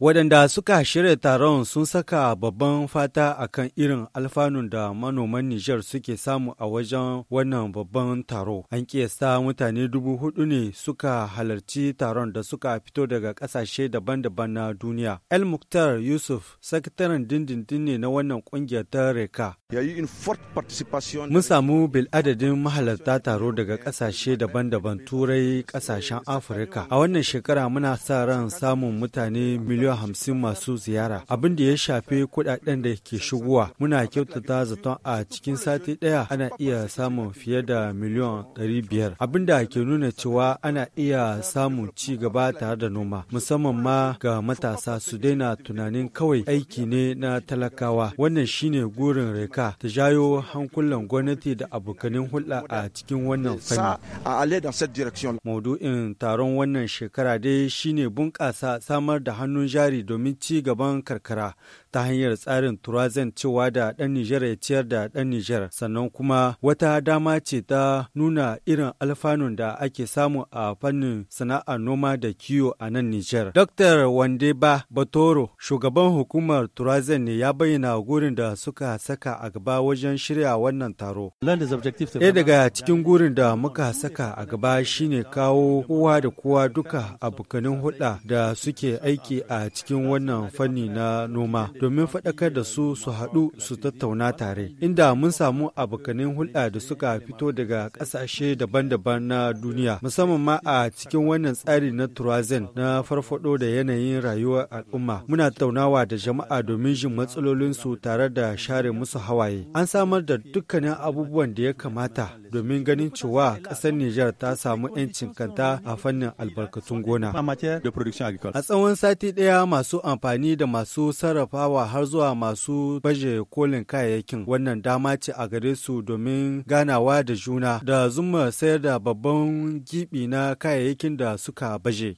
Waɗanda suka shirya taron sun saka babban fata a kan irin alfanun da manoman Nijar suke samu a wajen wannan babban taro. An kiyasta mutane dubu hudu ne suka halarci taron da suka fito daga ƙasashe daban-daban na duniya. El Muktar Yusuf, sakataren dindindin ne na wannan ƙungiyar ta Reka. Mun samu bil adadin mahalarta taro daga ƙasashe daban-daban Turai, ƙasashen Afirka. A wannan shekara muna sa ran samun mutane miliyan miliyan hamsin masu ziyara abin da ya shafi kudaden da ke shigowa muna kyautata zaton a cikin sati ɗaya ana iya samun fiye da miliyan ɗari biyar abin da ke nuna cewa ana iya samun ci gaba tare da noma musamman ma ga matasa su daina tunanin kawai aiki ne na talakawa wannan shine gurin reka ta jayo hankulan gwamnati da abokanin hulɗa a cikin wannan fanni maudu'in taron wannan shekara dai shine bunƙasa samar da hannun jari domin ci gaban karkara ta hanyar tsarin turazen cewa da ɗan Nijar ya ciyar da ɗan Nijar sannan kuma wata dama ce ta nuna irin alfanun da ake samu a fannin sana'a noma da kiwo a nan Nijar. Dr. Wandeba Batoro, shugaban hukumar turazen ne ya bayyana gurin da suka saka a gaba wajen shirya wannan taro. Ɗaya daga cikin gurin da muka saka a gaba shine kawo kowa da kowa duka abokanin hulɗa da suke aiki a a cikin wannan fanni na noma domin faɗakar da su su haɗu su tattauna tare inda mun samu abokanin hulɗa da suka fito daga ƙasashe daban-daban na duniya musamman ma a cikin wannan tsari na turazen na farfaɗo da yanayin rayuwar al'umma muna tattaunawa da jama'a domin jin matsalolinsu tare da share musu hawaye an samar da dukkanin abubuwan da ya kamata domin ganin cewa ƙasar Nijar ta samu 'yancin kanta a fannin albarkatun gona a tsawon sati ɗaya Daga masu amfani da masu sarrafawa har zuwa masu baje kolin kayayyakin wannan dama ce a gare su domin ganawa da juna da zuma sayar da babban gibi na kayayyakin da suka baje.